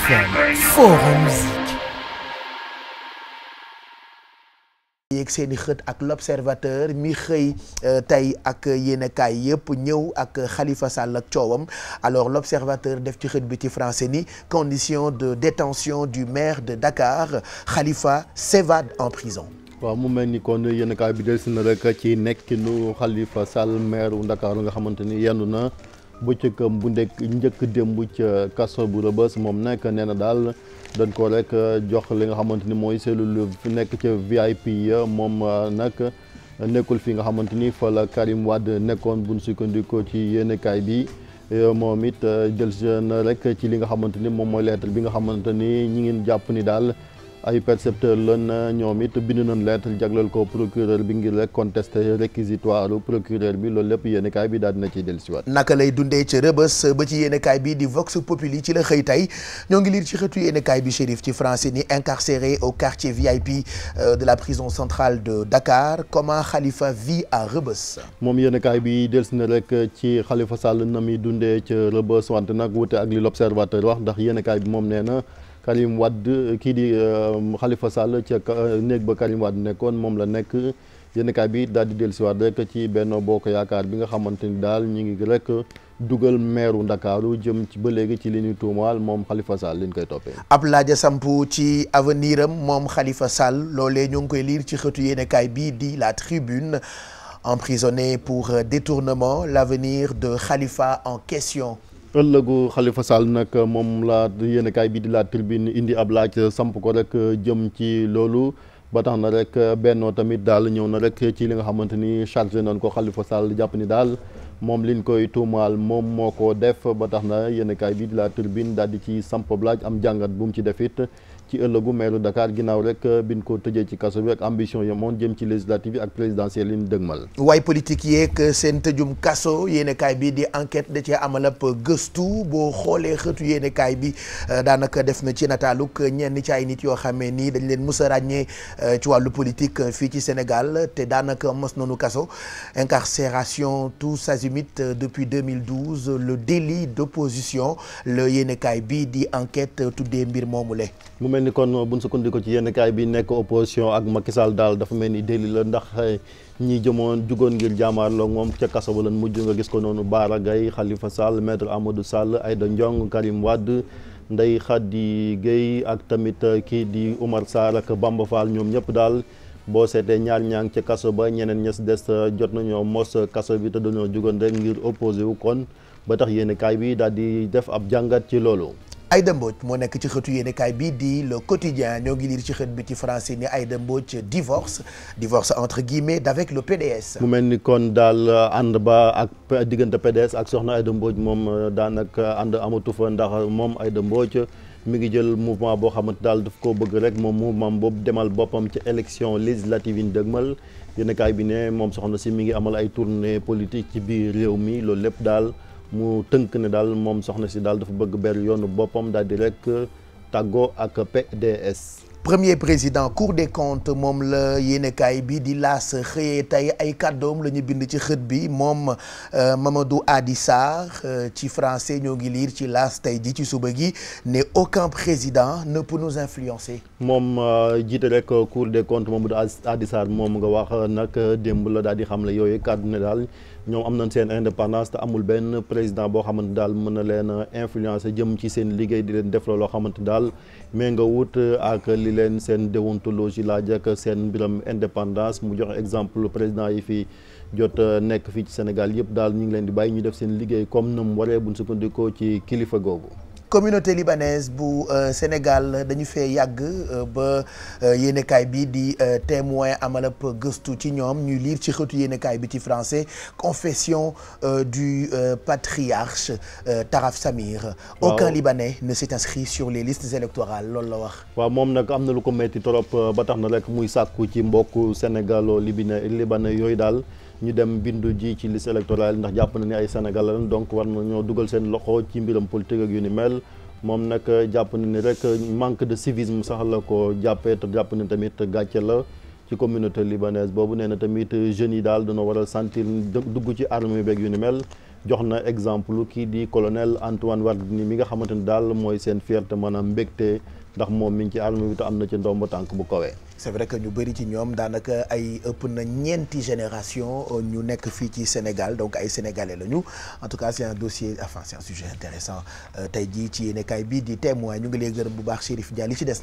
FM, Forum seeni xët ak l'observateur mi xëy euh, tey ak yéenekaay yëpp ñëw ak xalifa Sall ak coowam alors l'observateur def ci xët bi ci français ni condition de détention du maire de Dakar xalifa s'évade en prison waaw mu mel ni kon yéenekaay bi delsi na rek ci nekkinu Khalifa Sall maire wu Dakar nga xamante ni yendu na bu bëccëgam bu nekk njëkk démb ca kaso bu rëbës moom nekk nee na daal dañ ko rek euh, jox li nga xamante ni mooy cellule nekk ca VIP ya moom euh, nag nekkul fi nga xamante ni fa la Karim Wade nekkoon buñ sukkandikoo ci yéenekaay bi euh, moom it jël na rek ci li nga xamante ni moom mooy lettre bi nga xamante ni ñi ngeen jàpp ni daal ay percepteur lan ñoom it bind nañ lettre jagleel ko procureur bi ngir rek contester réquisitoire procureur bi loolu lépp yéen kaay bi daal dina ciy dellusiwaat. naka lay dundee ci rëbës ba ci yéen kaay bi di Vox Populi ci la xëy tey ñoo ngi liir ci xëtu yéen kaay bi Chérif ci français ni incarcéré au quartier VIP euh, de la prison centrale de Dakar comment Khalifa vit à rëbës. moom yéen kaay bi dellusi na rek ci Khalifa Sall na muy dundee ci rëbës wante nag wute ak li l'observateur wax ndax yéen kaay bi moom nee na. Karim Wade eh, kii di xalifa eh, Sall ca eh, néeg ba Karim nekkoon moom la nekk yéenekaay bi daal di dellusiwaat rek ci Benno Bokk Yaakaar bi nga xamante ni daal ñu ngi rek dugal meeru Ndakaaru jëm ci ba léegi ci li ñuy tuumaal moom Khalifa Sall liñ koy toppee. ab laaja samp ci avenir moom xalifa Sall loolee ñu ngi koy liir ci xëtu yéenekaay bii di la tribune emprisonné pour détournement l'avenir de Khalifa en question. ëllëgu xalifa Sall nag moom la yéenekaay bi di La Tribune indi ab laaj samp ko rek jëm ci loolu ba tax na rek Benno tamit daal ñëw na rek ci li nga xamante ni chargé nañ ko Khalifa Sall jàpp ni daal moom liñ koy tuumaal moom moo ko def ba tax na yenn kaay bi di la turbine daal di ci samp blaaj am jàngat bu mu ci def it ci ëllëgu meeru Dakar ginnaaw rek euh, biñ ko tëjee ci kaso bi ak ambition yi moom jëm ci législative yi ak présidentielle yi ñu dëgmal. waaye politique yeeg seen tëjum kaso yéenekaay bi di enquête da cee amal ab gëstu boo xoolee xëtu yéenekaay bi euh, daanaka def na ci nataaluk ñenn ci ay nit yoo xamee nii dañ leen mës a ràññee euh, ci wàllu politique fii ci Sénégal te daanaka mës nañu kaso incarcération tout limite euh, depuis 2012 le délit d'opposition le yéenekaay bi di enquête tuddee mbir moomule mu mel ni kon buñ sukkandiku ci yéenekaay bi nekk opposition ak Macky Sall daal dafa mel ni délit la ndax eh, ñi jëmoon jugoon ngir jaamaarloo moom ca kaso ba lan mujj nga gis ko noonu Bara Gaye Khalifa Sall maître Amadou Sall Aïda Ndiong Karim Wade Ndeye Khady Gueye ak tamit eh, kii di Oumar Sarr ak Bamba ñoom ñëpp daal boo seetee ñaar ñaa ngi ca kaso ba ñeneen ñes des euh, jot nañoo mos euh, kaso bi te dañoo jugoon rek ngir opposé wu kon ba tax yéen kaay bi daal di def ab jàngat ci loolu. Aïda Mbodj moo nekk ci xëtu yéenekaay bii di le quotidien ñoo ngi liir ci xët bi ci français ni Aïda Mbodj divorce divorce entre guillemets d'avec le PDS. mu mel ni kon daal euh, ànd ba ak diggante PDS ak soxna Aïda moom euh, daanaka ànd amatu fa ndax moom Aïda Mbodj mi ngi jël mouvement boo xamante daal daf koo bëgg rek moom mouvement boobu demal boppam ci élection législative yi ñu dëgmal bi ne moom soxna si mi ngi amal ay tournée politique ci biir réew mi loolu lépp daal. mu tënk ne daal moom soxna si daal dafa bëgg ber yoonu boppam daal di rek tàggoo ak PDS. premier président cour de comptes moom la yéenekaay bi di laas xëyee tey ay kàddoom la ñu bind ci xët bi moom euh, Mamadou Hadi Sarr euh, ci français ñoo ngi liir ci laas tey ji ci suba gi ne aucun président ne pour nous influencer moom euh, jiite rek cour des comptes Mamadou Hadi Sarr moom nga wax nag démb la daal di xam la yooyu kàddu ne daal ñoom am na seen indépendance te amul benn président boo xamante daal mën na leen influencer jëm ci seen liggéey di leen def loo xamante daal mais nga wut euh, ak li leen seen déontologie laaj ak seen biram indépendance mu joxe exemple président yi fii jot euh, nekk fii ci Sénégal yëpp daal ñu ngi leen di bàyyi ñu def seen liggéey comme na mu waree buñ sukkandikoo ci kilifa googu. communauté libanaise bu euh, Sénégal dañu fee yàgg euh, ba euh, yéenekaay bi di témoin amal ab gëstu ci ñoom ñuy lire ci xetu yéenekaay bi ci français confession du patriarche Taraf Samir aucun Libanais ne s'est inscrit sur les listes électorales loolu la wax waaw moom nag am na lu ko metti trop ba tax na rek muy sàkku ci mbokk sénégalo libanais yooyu daal ñu dem bindu ji ci liste électorale ndax jàpp na ni ay Sénégal donc war na ñoo dugal seen loxo ci mbiram politique ak yu ni mel moom nag jàpp na ni rek manque de civisme sax la ko jàppee jàpp na tamit gàcce la ci communauté libanaise boobu nee na tamit jeunes yi daal dañoo war a sentir dugg ci armée beeg yu ni mel jox na exemple kii di colonel Antoine Wardini mi nga xamante ni daal mooy seen fierté maanaam mbégte ndax moom mi ngi ci armée am na ci ndomba tànk bu kowee c'est vrai que ñu bëri ci ñoom daanaka ay ëpp na ñeenti génération ñu nekk fii ci Sénégal donc ay sénégalais lañu en tout cas c'est un dossier enfin c'est un sujet intéressant euh, tey jii ci yéenekaay bi di témoin ñu ngi lay gërëm bu baax Chérif Dia li ci des